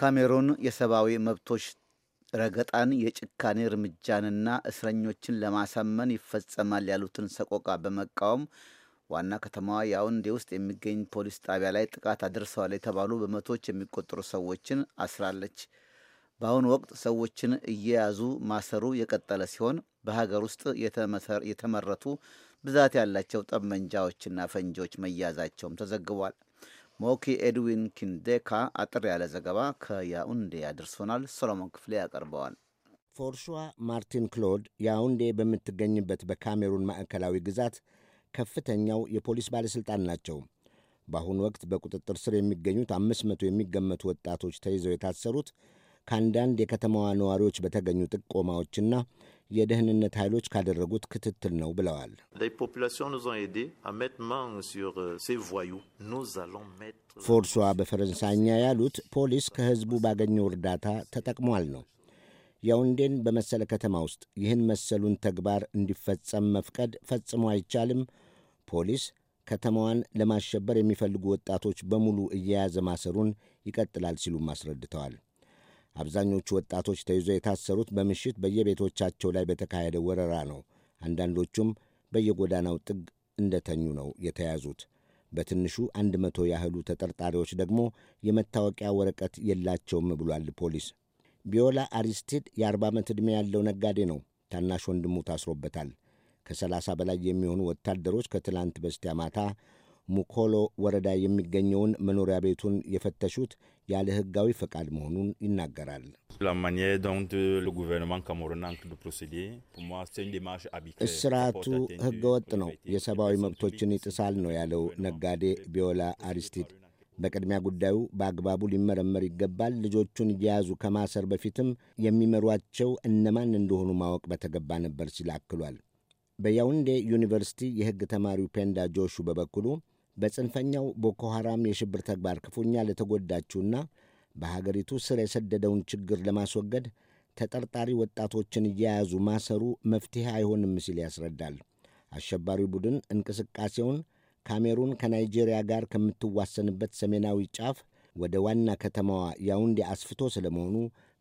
ካሜሩን የሰብአዊ መብቶች ረገጣን የጭካኔ እርምጃንና እስረኞችን ለማሳመን ይፈጸማል ያሉትን ሰቆቃ በመቃወም ዋና ከተማዋ ያውንዴ ውስጥ የሚገኝ ፖሊስ ጣቢያ ላይ ጥቃት አድርሰዋል የተባሉ በመቶዎች የሚቆጠሩ ሰዎችን አስራለች። በአሁኑ ወቅት ሰዎችን እየያዙ ማሰሩ የቀጠለ ሲሆን በሀገር ውስጥ የተመረቱ ብዛት ያላቸው ጠመንጃዎችና ፈንጂዎች መያዛቸውም ተዘግቧል። ሞኪ ኤድዊን ኪንዴካ አጥር ያለ ዘገባ ከያኡንዴ ያደርሶናል። ሶሎሞን ክፍሌ ያቀርበዋል። ፎርሹዋ ማርቲን ክሎድ ያኡንዴ በምትገኝበት በካሜሩን ማዕከላዊ ግዛት ከፍተኛው የፖሊስ ባለሥልጣን ናቸው። በአሁኑ ወቅት በቁጥጥር ስር የሚገኙት አምስት መቶ የሚገመቱ ወጣቶች ተይዘው የታሰሩት ከአንዳንድ የከተማዋ ነዋሪዎች በተገኙ ጥቆማዎችና የደህንነት ኃይሎች ካደረጉት ክትትል ነው ብለዋል። euh, ፎርሷ በፈረንሳይኛ ያሉት ፖሊስ ከሕዝቡ ባገኘው እርዳታ ተጠቅሟል ነው። ያውንዴን በመሰለ ከተማ ውስጥ ይህን መሰሉን ተግባር እንዲፈጸም መፍቀድ ፈጽሞ አይቻልም። ፖሊስ ከተማዋን ለማሸበር የሚፈልጉ ወጣቶች በሙሉ እየያዘ ማሰሩን ይቀጥላል ሲሉም አስረድተዋል። አብዛኞቹ ወጣቶች ተይዘው የታሰሩት በምሽት በየቤቶቻቸው ላይ በተካሄደ ወረራ ነው። አንዳንዶቹም በየጎዳናው ጥግ እንደተኙ ነው የተያዙት። በትንሹ አንድ መቶ ያህሉ ተጠርጣሪዎች ደግሞ የመታወቂያ ወረቀት የላቸውም ብሏል ፖሊስ። ቢዮላ አሪስቲድ የአርባ ዓመት ዕድሜ ያለው ነጋዴ ነው። ታናሽ ወንድሙ ታስሮበታል። ከ30 በላይ የሚሆኑ ወታደሮች ከትላንት በስቲያ ማታ ሙኮሎ ወረዳ የሚገኘውን መኖሪያ ቤቱን የፈተሹት ያለ ሕጋዊ ፈቃድ መሆኑን ይናገራል። እስራቱ ወጥ ነው፣ የሰብአዊ መብቶችን ይጥሳል ነው ያለው ነጋዴ ቢዮላ አሪስቲድ። በቅድሚያ ጉዳዩ በአግባቡ ሊመረመር ይገባል። ልጆቹን እየያዙ ከማሰር በፊትም የሚመሯቸው እነማን እንደሆኑ ማወቅ በተገባ ነበር ሲል አክሏል። በያውንዴ ዩኒቨርሲቲ የሕግ ተማሪው ፔንዳ ጆሹ በበኩሉ በጽንፈኛው ቦኮ ሐራም የሽብር ተግባር ክፉኛ ለተጎዳችውና በሀገሪቱ ስር የሰደደውን ችግር ለማስወገድ ተጠርጣሪ ወጣቶችን እየያዙ ማሰሩ መፍትሔ አይሆንም ሲል ያስረዳል። አሸባሪው ቡድን እንቅስቃሴውን ካሜሩን ከናይጄሪያ ጋር ከምትዋሰንበት ሰሜናዊ ጫፍ ወደ ዋና ከተማዋ ያውንዴ አስፍቶ ስለመሆኑ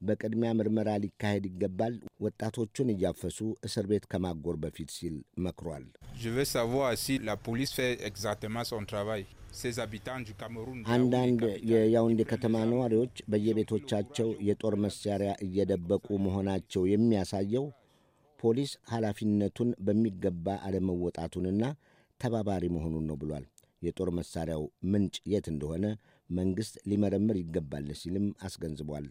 በቅድሚያ ምርመራ ሊካሄድ ይገባል፣ ወጣቶቹን እያፈሱ እስር ቤት ከማጎር በፊት ሲል መክሯል። አንዳንድ የያውንዴ ከተማ ነዋሪዎች በየቤቶቻቸው የጦር መሳሪያ እየደበቁ መሆናቸው የሚያሳየው ፖሊስ ኃላፊነቱን በሚገባ አለመወጣቱንና ተባባሪ መሆኑን ነው ብሏል። የጦር መሳሪያው ምንጭ የት እንደሆነ መንግሥት ሊመረምር ይገባል ሲልም አስገንዝቧል።